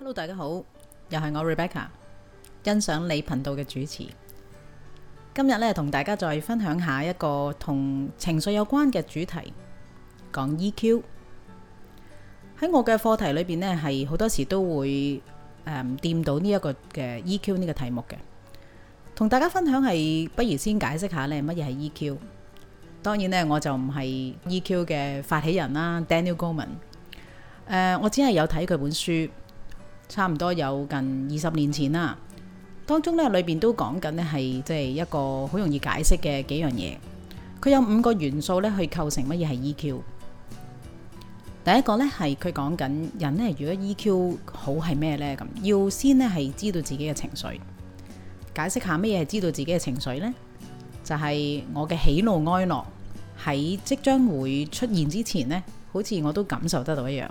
Hello，大家好，又係我 Rebecca，欣賞你頻道嘅主持。今日咧，同大家再分享下一個同情緒有關嘅主題，講 EQ。喺我嘅課題裏邊呢，係好多時都會誒掂、嗯、到呢一個嘅 EQ 呢個題目嘅。同大家分享係，不如先解釋下咧乜嘢係 EQ。當然呢，我就唔係 EQ 嘅發起人啦，Daniel Gorman。誒、呃，我只係有睇佢本書。差唔多有近二十年前啦，當中咧裏邊都講緊呢，係即係一個好容易解釋嘅幾樣嘢。佢有五個元素咧去構成乜嘢係 EQ。第一個咧係佢講緊人咧，如果 EQ 好係咩咧咁，要先咧係知道自己嘅情緒。解釋下咩嘢係知道自己嘅情緒呢？就係我嘅喜怒哀樂喺即將會出現之前呢，好似我都感受得到一樣。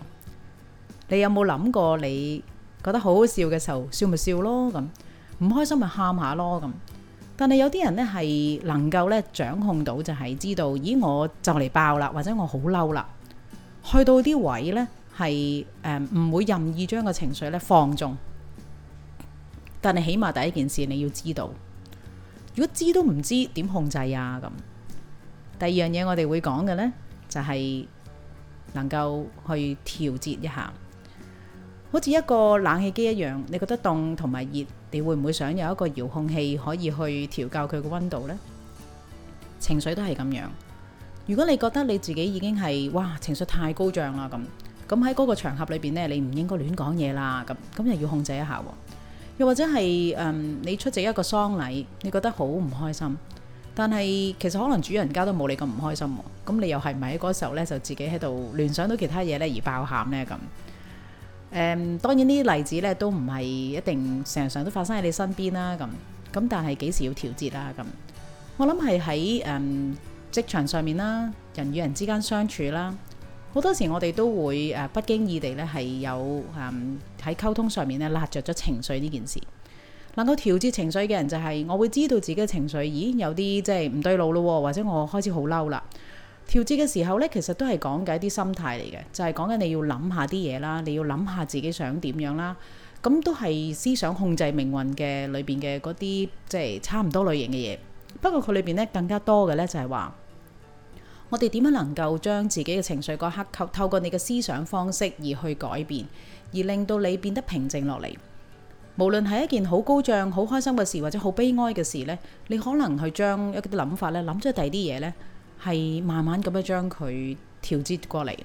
你有冇諗過你？覺得好好笑嘅時候，笑咪笑咯，咁，唔開心咪喊下咯，咁。但係有啲人呢係能夠咧掌控到，就係知道，咦，我就嚟爆啦，或者我好嬲啦，去到啲位呢係誒唔會任意將個情緒呢放縱。但係起碼第一件事你要知道，如果知都唔知點控制啊咁。第二樣嘢我哋會講嘅呢，就係能夠去調節一下。好似一個冷氣機一樣，你覺得凍同埋熱，你會唔會想有一個遙控器可以去調校佢嘅溫度呢？情緒都係咁樣。如果你覺得你自己已經係哇情緒太高漲啦咁，咁喺嗰個場合裏面呢，你唔應該亂講嘢啦咁，咁又要控制一下喎。又或者係、嗯、你出席一個喪禮，你覺得好唔開心，但係其實可能主人家都冇你咁唔開心喎。咁你又係唔係喺嗰時候呢，就自己喺度聯想到其他嘢呢而爆喊呢？咁？誒、um，當然呢啲例子咧都唔係一定成日都發生喺你身邊啦咁，咁但係幾時要調節啦、啊、咁？我諗係喺誒職場上面啦，人與人之間相處啦，好多時我哋都會誒、啊、不經意地咧係有誒喺、嗯、溝通上面咧壓着咗情緒呢件事。能夠調節情緒嘅人就係、是、我會知道自己嘅情緒，已經有啲即係唔對路咯，或者我開始好嬲啦。調節嘅時候呢，其實都係講緊一啲心態嚟嘅，就係講緊你要諗下啲嘢啦，你要諗下自己想點樣啦，咁都係思想控制命運嘅裏邊嘅嗰啲，即係、就是、差唔多類型嘅嘢。不過佢裏邊呢更加多嘅呢，就係話，我哋點樣能夠將自己嘅情緒嗰一刻，透過你嘅思想方式而去改變，而令到你變得平靜落嚟。無論係一件好高漲、好開心嘅事，或者好悲哀嘅事呢，你可能去將一啲諗法呢，諗出第二啲嘢呢。係慢慢咁樣將佢調節過嚟，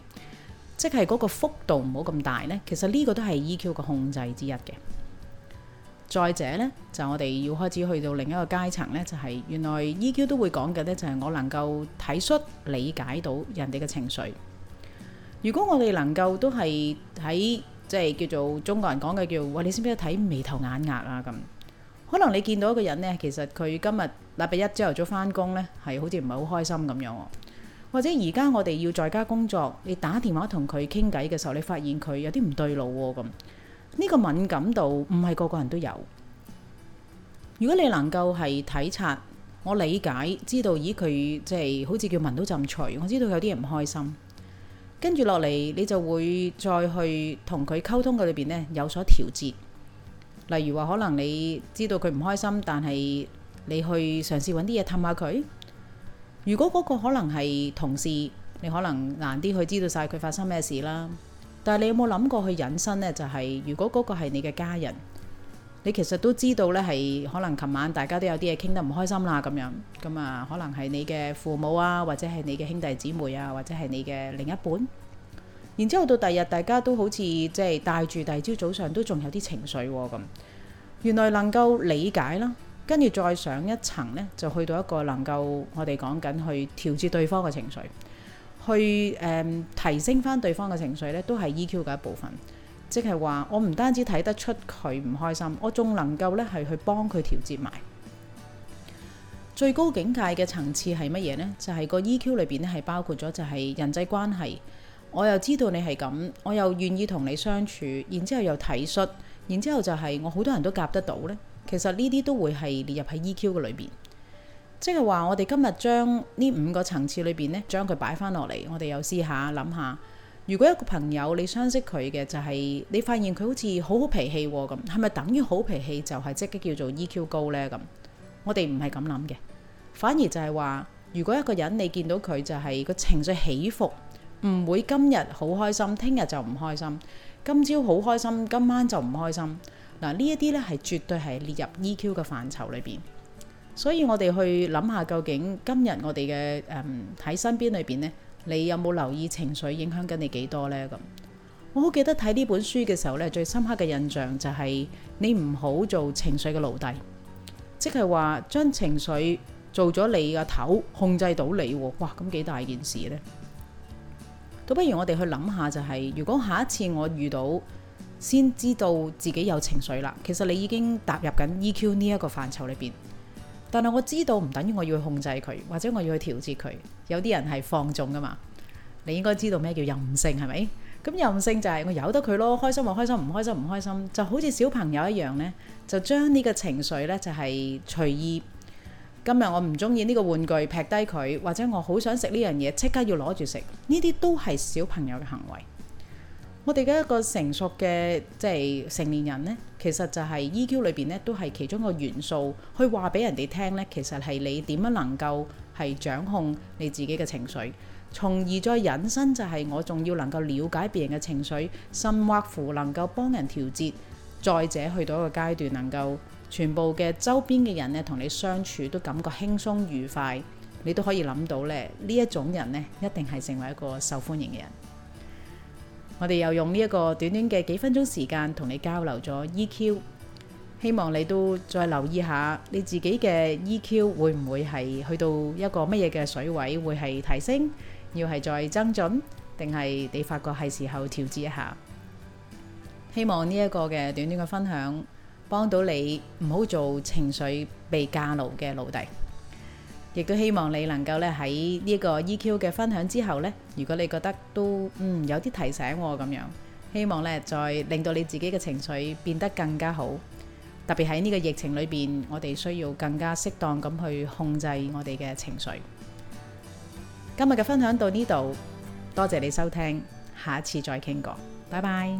即係嗰個幅度唔好咁大呢。其實呢個都係 EQ 嘅控制之一嘅。再者呢，就我哋要開始去到另一個階層呢，就係原來 EQ 都會講嘅呢，就係我能夠體恤理解到人哋嘅情緒。如果我哋能夠都係喺即係叫做中國人講嘅叫，喂，你識唔識得睇眉頭眼額啊咁？可能你見到一個人呢，其實佢今日禮拜一朝頭早返工呢，係好似唔係好開心咁樣。或者而家我哋要在家工作，你打電話同佢傾偈嘅時候，你發現佢有啲唔對路咁，哦。呢、呢個敏感度唔係個個人都有。如果你能夠係體察，我理解知道以佢，咦佢即係好似叫聞到陣除，我知道有啲人唔開心。跟住落嚟，你就會再去同佢溝通嘅裏邊呢有所調節。例如話，可能你知道佢唔開心，但係你去嘗試揾啲嘢氹下佢。如果嗰個可能係同事，你可能難啲去知道晒佢發生咩事啦。但係你有冇諗過去引申呢？就係、是、如果嗰個係你嘅家人，你其實都知道呢，係可能琴晚大家都有啲嘢傾得唔開心啦咁樣。咁啊，可能係你嘅父母啊，或者係你嘅兄弟姊妹啊，或者係你嘅另一半。然之後到第二日，大家都好似即係帶住，第二朝早上都仲有啲情緒喎、哦，咁原來能夠理解啦，跟住再上一層呢，就去到一個能夠我哋講緊去調節對方嘅情緒，去誒、呃、提升翻對方嘅情緒呢都係 EQ 嘅一部分。即係話我唔單止睇得出佢唔開心，我仲能夠呢係去幫佢調節埋。最高境界嘅層次係乜嘢呢？就係、是、個 EQ 裏邊呢係包括咗就係人際關係。我又知道你係咁，我又願意同你相處，然之後又體恤，然之後就係我好多人都夾得到呢。其實呢啲都會係列入喺 EQ 嘅裏邊，即係話我哋今日將呢五個層次裏邊呢，將佢擺翻落嚟，我哋又試下諗下，如果一個朋友你相識佢嘅，就是，就係你發現佢好似好好脾氣咁，哦，係咪等於好脾氣就係即刻叫做 EQ 高呢？咁我哋唔係咁諗嘅，反而就係話，如果一個人你見到佢就係、是、個情緒起伏。唔會今日好開心，聽日就唔開心；今朝好開心，今晚就唔開心。嗱，呢一啲呢係絕對係列入 EQ 嘅範疇裏邊。所以我哋去諗下，究竟今日我哋嘅誒喺身邊裏邊呢，你有冇留意情緒影響緊你幾多呢？咁我好記得睇呢本書嘅時候呢，最深刻嘅印象就係你唔好做情緒嘅奴隸，即係話將情緒做咗你個頭，控制到你喎。哇！咁幾大件事呢？倒不如我哋去諗下，就是，就係如果下一次我遇到，先知道自己有情緒啦。其實你已經踏入緊 EQ 呢一個範疇裏面，但係我知道唔等於我要去控制佢，或者我要去調節佢。有啲人係放縱㗎嘛，你應該知道咩叫任性係咪？咁任性就係我由得佢咯，開心咪開心，唔開心唔開心，就好似小朋友一樣呢，就將呢個情緒呢，就係、是、隨意。今日我唔中意呢個玩具，劈低佢，或者我好想食呢樣嘢，即刻要攞住食，呢啲都係小朋友嘅行為。我哋嘅一個成熟嘅即係成年人呢，其實就係 EQ 裏邊呢，都係其中一個元素，去話俾人哋聽呢，其實係你點樣能夠係掌控你自己嘅情緒，從而再引申就係我仲要能夠了解別人嘅情緒，甚或乎能夠幫人調節，再者去到一個階段能夠。全部嘅周邊嘅人呢，同你相處都感覺輕鬆愉快，你都可以諗到咧，呢一種人呢，一定係成為一個受歡迎嘅人。我哋又用呢一個短短嘅幾分鐘時間同你交流咗 EQ，希望你都再留意下你自己嘅 EQ 會唔會係去到一個乜嘢嘅水位，會係提升，要係再增進，定係你發覺係時候調節一下。希望呢一個嘅短短嘅分享，幫到你唔好做情緒被駕勞嘅奴隸，亦都希望你能夠咧喺呢個 EQ 嘅分享之後咧，如果你覺得都嗯有啲提醒我咁樣，希望咧再令到你自己嘅情緒變得更加好。特別喺呢個疫情裏邊，我哋需要更加適當咁去控制我哋嘅情緒。今日嘅分享到呢度，多謝你收聽，下一次再傾過，拜拜。